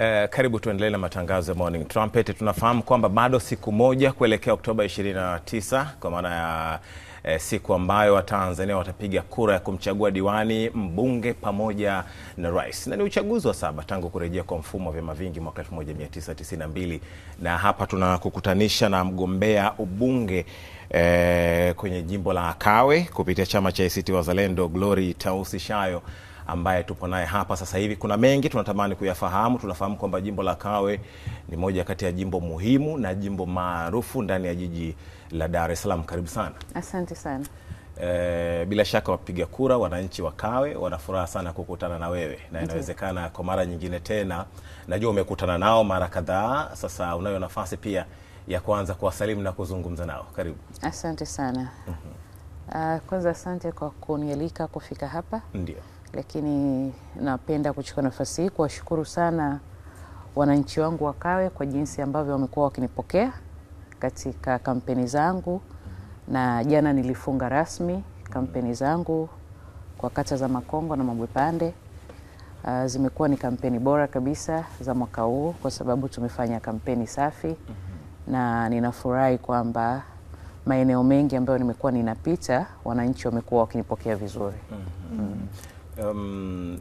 Eh, karibu tuendelee na matangazo ya Morning Trumpet. Tunafahamu kwamba bado siku moja kuelekea Oktoba 29 kwa maana ya eh, siku ambayo Watanzania watapiga kura ya kumchagua diwani, mbunge pamoja na rais, na ni uchaguzi wa saba tangu kurejea kwa mfumo wa vyama vingi mwaka 1992 na hapa tunakukutanisha na mgombea ubunge eh, kwenye jimbo la Kawe kupitia chama cha ACT Wazalendo, Glory Tausi Shayo ambaye tupo naye hapa sasa hivi. Kuna mengi tunatamani kuyafahamu. Tunafahamu kwamba jimbo la Kawe ni moja kati ya jimbo muhimu na jimbo maarufu ndani ya jiji la Dar es Salaam. Karibu sana. Asante sana. E, bila shaka wapiga kura, wananchi wa Kawe wana furaha sana kukutana na wewe na inawezekana kwa mara nyingine tena. Najua umekutana nao mara kadhaa, sasa unayo nafasi pia ya kuanza kuwasalimu na kuzungumza nao. Karibu. Asante sana. mm -hmm. Uh, kwanza asante kwa kunialika kufika hapa. Ndio. Lakini napenda kuchukua nafasi hii kuwashukuru sana wananchi wangu wa Kawe kwa jinsi ambavyo wamekuwa wakinipokea katika kampeni zangu, na jana nilifunga rasmi kampeni zangu kwa kata za Makongo na Mabwepande. Uh, ah, zimekuwa ni kampeni bora kabisa za mwaka huu kwa sababu tumefanya kampeni safi mhm. na ninafurahi kwamba maeneo mengi ambayo nimekuwa ninapita, wananchi wamekuwa wakinipokea vizuri. mm -hmm. Mm Um,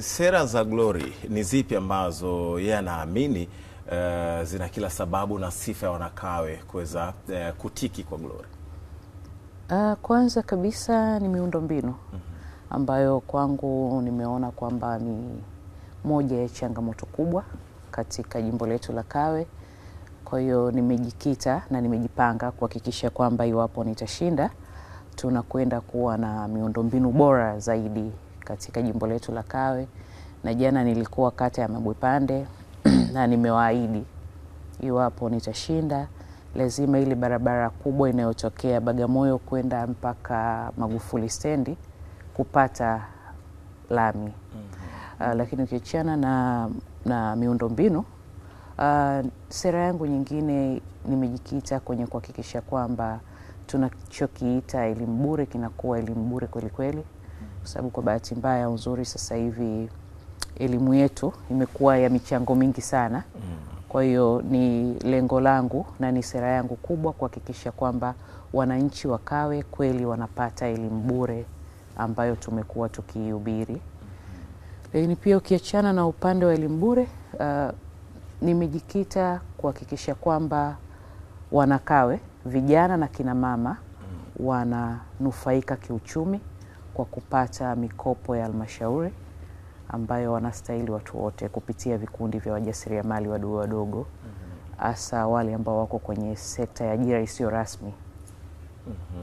sera za Glory ni zipi ambazo yeye anaamini uh, zina kila sababu na sifa ya Wanakawe kuweza uh, kutiki kwa Glory? Uh, kwanza kabisa ni miundombinu mm-hmm. ambayo kwangu nimeona kwamba ni moja ya changamoto kubwa katika jimbo letu la Kawe. Kwa hiyo nimejikita na nimejipanga kuhakikisha kwamba iwapo nitashinda, tunakwenda kuwa na miundombinu bora zaidi katika jimbo letu la Kawe, na jana nilikuwa kata ya Mabwepande na nimewaahidi iwapo nitashinda, lazima ile barabara kubwa inayotokea Bagamoyo kwenda mpaka Magufuli stendi kupata lami. Mm -hmm. Uh, lakini ukiachana na, na miundo mbinu Uh, sera yangu nyingine nimejikita kwenye kuhakikisha kwamba tunachokiita elimu bure kinakuwa elimu bure kweli kweli, kwa sababu kwa bahati mbaya uzuri sasa hivi elimu yetu imekuwa ya michango mingi sana. Mm. Kwa hiyo ni lengo langu na ni sera yangu kubwa kuhakikisha kwamba wananchi wakawe kweli wanapata elimu bure ambayo tumekuwa tukiihubiri. Mm. Lakini pia ukiachana na upande wa elimu bure uh, nimejikita kuhakikisha kwamba Wanakawe, vijana na kina mama wananufaika kiuchumi kwa kupata mikopo ya halmashauri ambayo wanastahili watu wote kupitia vikundi vya wajasiriamali wadogo wadogo, hasa wale ambao wako kwenye sekta ya ajira isiyo rasmi.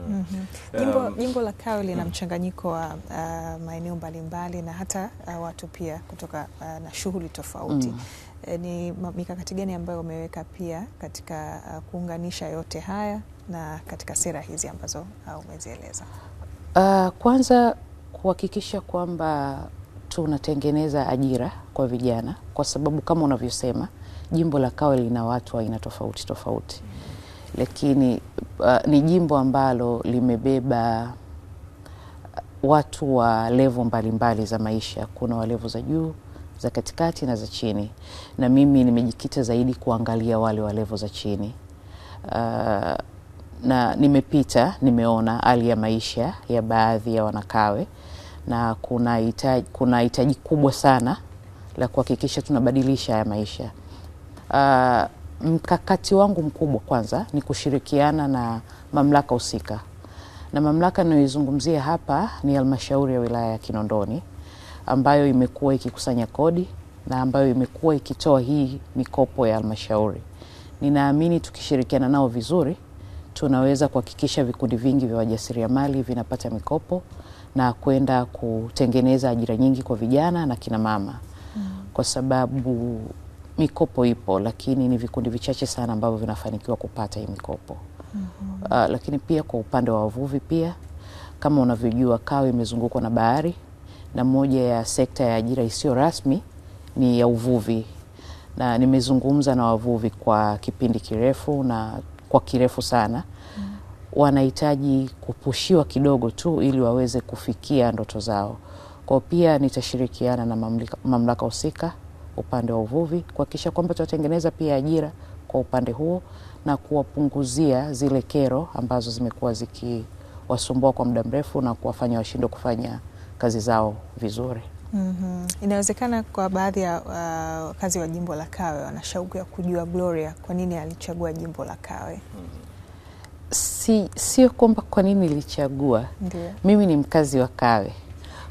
Mm -hmm. Jimbo, um, jimbo la Kawe lina mm -hmm. mchanganyiko wa uh, maeneo mbalimbali na hata uh, watu pia kutoka uh, na shughuli tofauti mm -hmm. Eh, ni mikakati gani ambayo umeweka pia katika uh, kuunganisha yote haya na katika sera hizi ambazo uh, umezieleza? Uh, kwanza kuhakikisha kwamba tunatengeneza ajira kwa vijana, kwa sababu kama unavyosema jimbo la Kawe lina watu aina tofauti tofauti, lakini uh, ni jimbo ambalo limebeba ah, watu wa levo mbalimbali za maisha. Kuna wa levo za juu, za katikati na za chini, na mimi nimejikita zaidi kuangalia wale wa levo za chini uh, na nimepita, nimeona hali ya maisha ya baadhi ya Wanakawe na kuna hitaji, kuna hitaji kubwa sana la kuhakikisha tunabadilisha haya maisha. Uh, mkakati wangu mkubwa kwanza ni kushirikiana na mamlaka husika, na mamlaka ninayoizungumzia hapa ni halmashauri ya wilaya ya Kinondoni ambayo imekuwa ikikusanya kodi na ambayo imekuwa ikitoa hii mikopo ya halmashauri. Ninaamini tukishirikiana nao vizuri, tunaweza kuhakikisha vikundi vingi vya wajasiriamali vinapata mikopo na kwenda kutengeneza ajira nyingi kwa vijana na kina mama mm. Kwa sababu mikopo ipo, lakini ni vikundi vichache sana ambavyo vinafanikiwa kupata hii mikopo Uh, lakini pia kwa upande wa wavuvi pia kama unavyojua Kawe imezungukwa na bahari na moja ya sekta ya ajira isiyo rasmi ni ya uvuvi, na nimezungumza na wavuvi kwa kipindi kirefu na kwa kirefu sana mm. Wanahitaji kupushiwa kidogo tu ili waweze kufikia ndoto zao. kwao. pia nitashirikiana na mamlaka, mamlaka husika upande wa uvuvi kuhakikisha kwamba tunatengeneza pia ajira kwa upande huo na kuwapunguzia zile kero ambazo zimekuwa zikiwasumbua kwa muda mrefu na kuwafanya washindwe kufanya kazi zao vizuri. Mm -hmm. Inawezekana kwa baadhi ya uh, wakazi wa jimbo la Kawe wana shauku ya kujua Gloria kwa nini alichagua jimbo la Kawe. Si, sio kwamba kwa nini nilichagua. Mimi ni mkazi wa Kawe,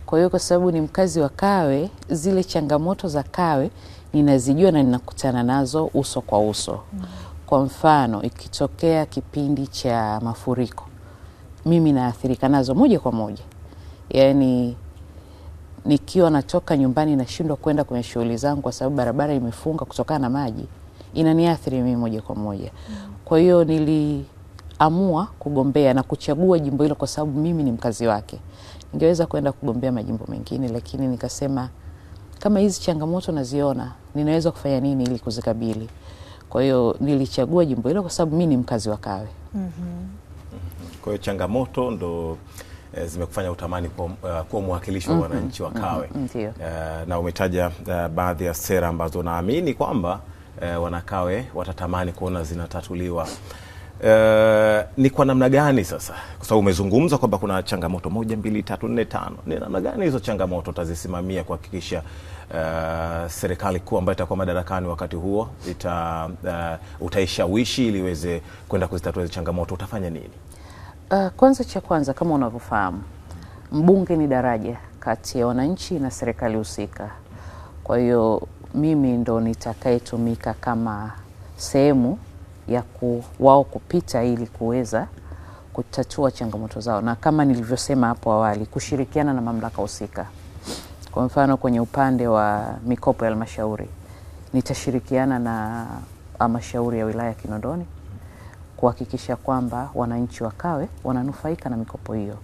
kwa hiyo kwa sababu ni mkazi wa Kawe, zile changamoto za Kawe ninazijua na ninakutana nazo uso kwa uso. Mm -hmm. Kwa mfano ikitokea kipindi cha mafuriko, mimi naathirika nazo moja kwa moja yani nikiwa natoka nyumbani nashindwa kwenda kwenye shughuli zangu kwa sababu barabara imefunga kutokana na maji, inaniathiri mimi moja kwa moja. Kwa hiyo niliamua kugombea na kuchagua jimbo hilo kwa sababu mimi ni mkazi wake. Ningeweza kwenda kugombea majimbo mengine, lakini nikasema kama hizi changamoto naziona, ninaweza kufanya nini ili kuzikabili? Kwa hiyo nilichagua jimbo hilo kwa sababu mimi ni mkazi wa Kawe. mm -hmm. Kwa hiyo changamoto ndo e, zimekufanya utamani kuwa, uh, kuwa mwakilishi wa mm -hmm. wananchi wa Kawe mm -hmm. uh, na umetaja uh, baadhi ya sera ambazo naamini kwamba uh, wanakawe watatamani kuona zinatatuliwa. Uh, ni kwa namna gani sasa, kwa sababu umezungumza kwamba kuna changamoto moja, mbili, tatu, nne, tano, ni namna gani hizo changamoto utazisimamia kuhakikisha uh, serikali kuu ambayo itakuwa madarakani wakati huo ita, uh, utaishawishi ili iweze kwenda kuzitatua hizo changamoto, utafanya nini? Uh, kwanza cha kwanza kama unavyofahamu mbunge ni daraja kati ya wananchi na serikali husika. Kwa hiyo mimi ndo nitakayetumika kama sehemu ya ku, wao kupita ili kuweza kutatua changamoto zao, na kama nilivyosema hapo awali, kushirikiana na mamlaka husika. Kwa mfano kwenye upande wa mikopo ya halmashauri nitashirikiana na halmashauri ya wilaya Kinondoni kuhakikisha kwamba wananchi wakawe wananufaika na mikopo hiyo.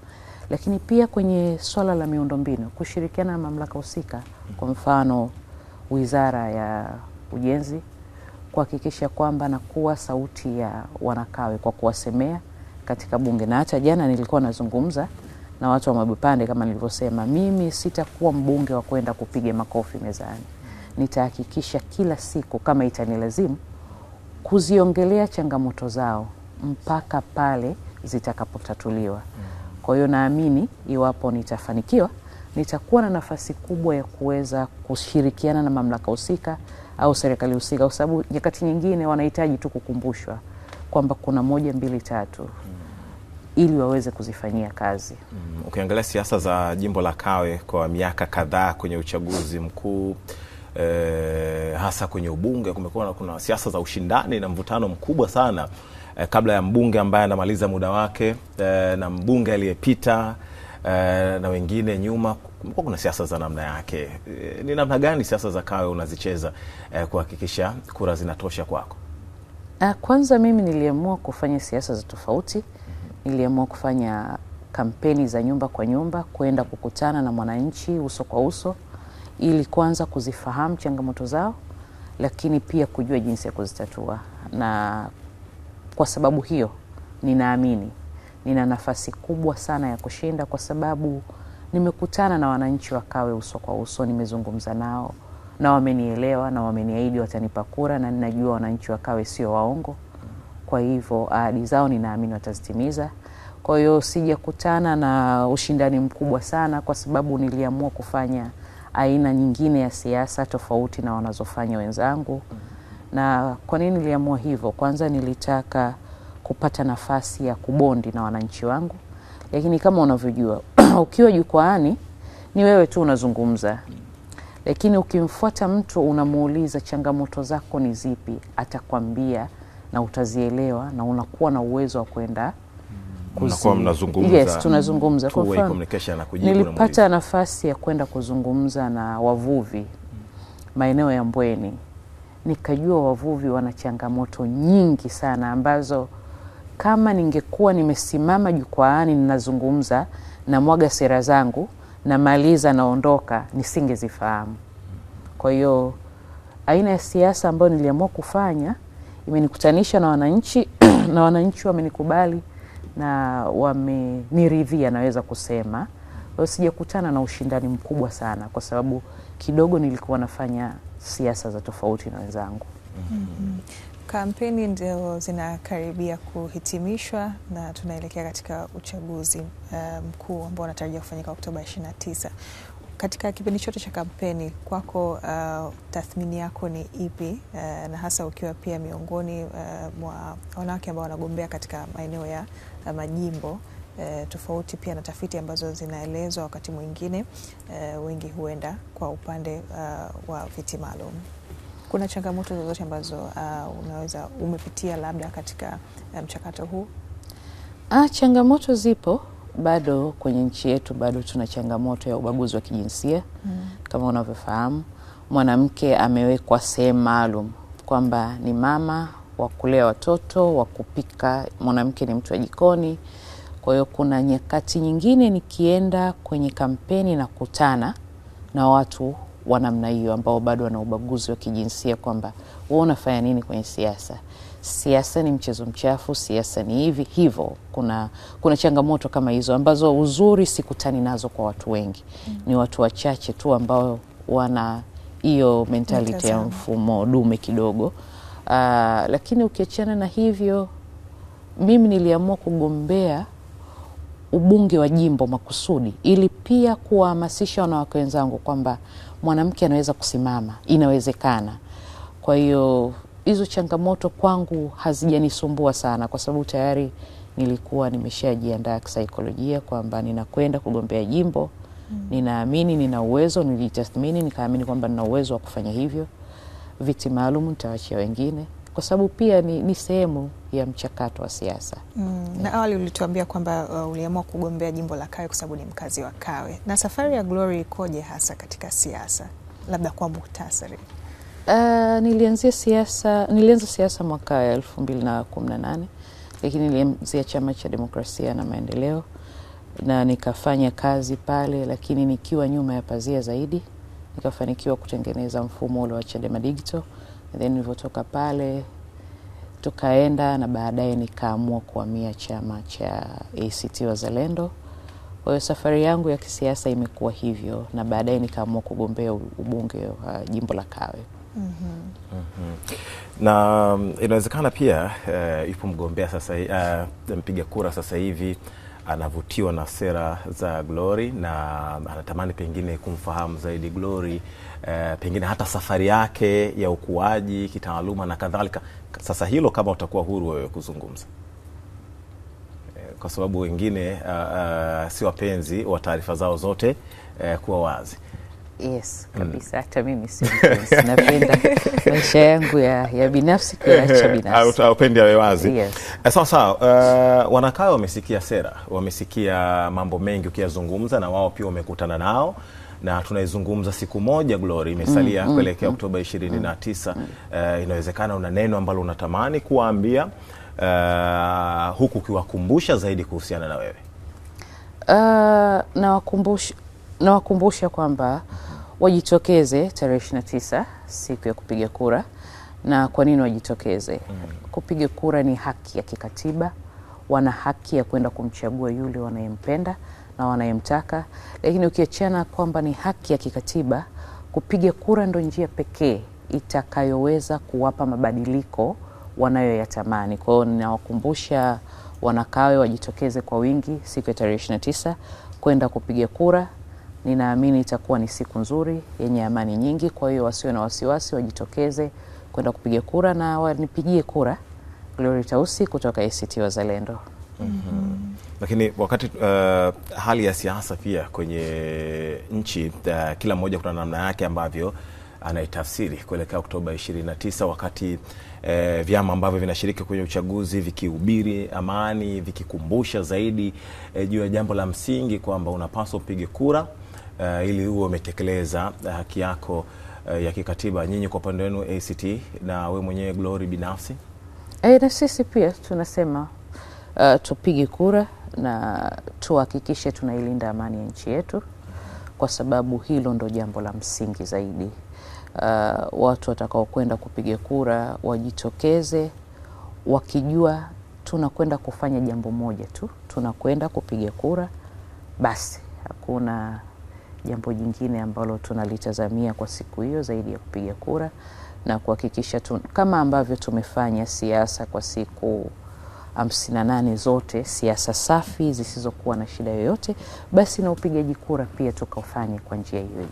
Lakini pia kwenye swala la miundombinu, kushirikiana na mamlaka husika, kwa mfano Wizara ya Ujenzi, kuhakikisha kwamba nakuwa sauti ya wanakawe kwa kuwasemea katika Bunge. Na hata jana nilikuwa nazungumza na watu wa Mabipande, kama nilivyosema, mimi sitakuwa mbunge wa kwenda kupiga makofi mezani. Nitahakikisha kila siku kama itanilazimu kuziongelea changamoto zao mpaka pale zitakapotatuliwa. Mm. Kwa hiyo naamini iwapo nitafanikiwa, nitakuwa na nafasi kubwa ya kuweza kushirikiana na mamlaka husika au serikali husika, kwa sababu nyakati nyingine wanahitaji tu kukumbushwa kwamba kuna moja, mbili, tatu mm. ili waweze kuzifanyia kazi. Mm, ukiangalia mm, okay, siasa za jimbo la Kawe kwa miaka kadhaa kwenye uchaguzi mkuu eh, hasa kwenye ubunge kumekuwa na kuna siasa za ushindani na mvutano mkubwa sana eh, kabla ya mbunge ambaye anamaliza muda wake eh, na mbunge aliyepita eh, na wengine nyuma kumekuwa kuna siasa za namna yake eh, ni namna gani siasa za kawe unazicheza eh, kuhakikisha kura zinatosha kwako? Ah, kwanza mimi niliamua kufanya siasa za tofauti. Niliamua kufanya kampeni za nyumba kwa nyumba, kwenda kukutana na mwananchi uso kwa uso ili kwanza kuzifahamu changamoto zao, lakini pia kujua jinsi ya kuzitatua. Na kwa sababu hiyo, ninaamini nina nafasi kubwa sana ya kushinda, kwa sababu nimekutana na wananchi wa Kawe uso kwa uso, nimezungumza nao na wamenielewa na wameniahidi watanipa kura, na ninajua wananchi wa Kawe sio waongo. Kwa hivyo ahadi zao ninaamini watazitimiza. Kwa hiyo sijakutana na ushindani mkubwa sana, kwa sababu niliamua kufanya aina nyingine ya siasa tofauti na wanazofanya wenzangu. Na kwa nini niliamua hivyo? Kwanza nilitaka kupata nafasi ya kubondi na wananchi wangu, lakini kama unavyojua ukiwa jukwaani ni wewe tu unazungumza, lakini ukimfuata mtu unamuuliza changamoto zako ni zipi, atakwambia na utazielewa na unakuwa na uwezo wa kwenda mnakuwa Yes, tunazungumza. Kwa mfano, nilipata na nafasi ya kwenda kuzungumza na wavuvi maeneo ya Mbweni, nikajua wavuvi wana changamoto nyingi sana ambazo kama ningekuwa nimesimama jukwaani ninazungumza na mwaga sera zangu namaliza naondoka, nisingezifahamu. Kwa hiyo aina ya siasa ambayo niliamua kufanya imenikutanisha na wananchi na wananchi wamenikubali na wameniridhia, naweza kusema sijakutana na ushindani mkubwa sana, kwa sababu kidogo nilikuwa nafanya siasa za tofauti na wenzangu. mm -hmm. Kampeni ndio zinakaribia kuhitimishwa na tunaelekea katika uchaguzi uh, mkuu um, ambao unatarajia kufanyika Oktoba 29. Katika kipindi chote cha kampeni kwako, uh, tathmini yako ni ipi? Uh, na hasa ukiwa pia miongoni uh, mwa wanawake ambao wanagombea katika maeneo ya uh, majimbo uh, tofauti pia na tafiti ambazo zinaelezwa wakati mwingine uh, wengi huenda kwa upande uh, wa viti maalum. Kuna changamoto zozote ambazo uh, unaweza umepitia labda katika uh, mchakato um, huu? Ah, changamoto zipo bado kwenye nchi yetu bado tuna changamoto ya ubaguzi wa kijinsia mm. Kama unavyofahamu, mwanamke amewekwa sehemu maalum kwamba ni mama wa kulea watoto, wa kupika, mwanamke ni mtu wa jikoni. Kwa hiyo kuna nyakati nyingine nikienda kwenye kampeni na kutana na watu wa namna hiyo ambao bado wana ubaguzi wa kijinsia kwamba wewe unafanya nini kwenye siasa? siasa ni mchezo mchafu, siasa ni hivi hivyo. Kuna, kuna changamoto kama hizo ambazo uzuri sikutani nazo kwa watu wengi mm. Ni watu wachache tu ambao wana hiyo mentality ya mfumo dume kidogo uh, lakini ukiachana na hivyo, mimi niliamua kugombea ubunge wa jimbo makusudi ili pia kuwahamasisha wanawake wenzangu kwamba mwanamke anaweza kusimama, inawezekana. Kwa hiyo hizo changamoto kwangu hazijanisumbua sana, kwa sababu tayari nilikuwa nimeshajiandaa kisaikolojia kwamba ninakwenda kugombea jimbo mm. Ninaamini nina uwezo, nilitathmini nikaamini kwamba nina uwezo wa kufanya hivyo. Viti maalum ntawachia wengine, kwa sababu pia ni, ni sehemu ya mchakato wa siasa mm. yeah. Na awali ulituambia kwamba uh, uliamua kugombea jimbo la Kawe kwa sababu ni mkazi wa Kawe. Na safari ya Glory ikoje hasa katika siasa, labda kwa muhtasari? Eh, nilianzia siasa, nilianza siasa mwaka elfu mbili na kumi na nane lakini nilianzia Chama cha Demokrasia na Maendeleo na nikafanya kazi pale, lakini nikiwa nyuma ya pazia zaidi, nikafanikiwa kutengeneza mfumo ule wa Chadema Digital. Then nilivyotoka pale tukaenda na baadaye nikaamua kuhamia chama cha ACT Wazalendo. Kwa hiyo safari yangu ya kisiasa imekuwa hivyo, na baadaye nikaamua kugombea ubunge wa uh, jimbo la Kawe. Mm-hmm. Na mm, inawezekana pia uh, yupo mgombea sasa uh, mpiga kura sasa hivi anavutiwa na sera za Glory na anatamani pengine kumfahamu zaidi Glory uh, pengine hata safari yake ya ukuaji kitaaluma na kadhalika. Sasa hilo kama utakuwa huru wewe kuzungumza kwa sababu wengine uh, uh, si wapenzi wa taarifa zao zote uh, kuwa wazi. Yes, eh. kabisa mm. Hata mimi napenda maisha yangu ya, ya binafsi kiacha eh, binafsi, aupendi awe wazi yes. Eh, sawa sawa. Uh, wanakaa wamesikia sera, wamesikia mambo mengi ukiyazungumza, na wao pia wamekutana nao na tunaizungumza siku moja Glory imesalia mm, mm, kuelekea mm, Oktoba 29 mm. Uh, inawezekana una neno ambalo unatamani kuwaambia uh, huku ukiwakumbusha zaidi kuhusiana na wewe uh, nawakumbusha na kwamba wajitokeze tarehe 29 siku ya kupiga kura. Na kwa nini wajitokeze? Mm. Kupiga kura ni haki ya kikatiba, wana haki ya kwenda kumchagua yule wanayempenda na wanayemtaka. Lakini ukiachana kwamba ni haki ya kikatiba, kupiga kura ndo njia pekee itakayoweza kuwapa mabadiliko wanayoyatamani. Kwa hiyo ninawakumbusha wanakawe wajitokeze kwa wingi siku ya tarehe 29 kwenda kupiga kura ninaamini itakuwa ni siku nzuri yenye amani nyingi. Kwa hiyo wasiwe na wasiwasi, wajitokeze kwenda kupiga kura na wanipigie kura. Glory Tausi kutoka ACT Wazalendo. mm -hmm. Lakini wakati uh, hali ya siasa pia kwenye nchi uh, kila mmoja kuna namna yake ambavyo anaitafsiri kuelekea Oktoba 29 wakati eh, vyama ambavyo vinashiriki kwenye uchaguzi vikihubiri amani, vikikumbusha zaidi eh, juu ya jambo la msingi kwamba unapaswa upige kura uh, ili uwe umetekeleza eh, haki yako uh, ya kikatiba. Nyinyi kwa upande wenu ACT na we mwenyewe Glory binafsi e, na sisi pia tunasema uh, tupige kura na tuhakikishe tunailinda amani ya nchi yetu, kwa sababu hilo ndo jambo la msingi zaidi. Uh, watu watakaokwenda kupiga kura wajitokeze wakijua tunakwenda kufanya jambo moja tu, tunakwenda kupiga kura. Basi hakuna jambo jingine ambalo tunalitazamia kwa siku hiyo zaidi ya kupiga kura na kuhakikisha kama ambavyo tumefanya siasa kwa siku hamsini na nane zote, siasa safi zisizokuwa na shida yoyote, basi na upigaji kura pia tukafanye kwa njia hiyo hiyo.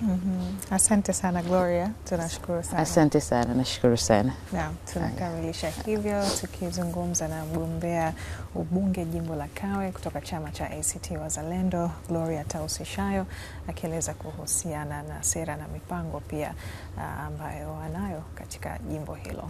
Mm -hmm. Asante sana Gloria, tunashukuru sana. Asante sana, nashukuru sana. Naam, tunakamilisha hivyo tukizungumza na mgombea ubunge jimbo la Kawe kutoka chama cha ACT Wazalendo, Gloria Tausi Shayo akieleza kuhusiana na sera na mipango pia ah, ambayo anayo katika jimbo hilo.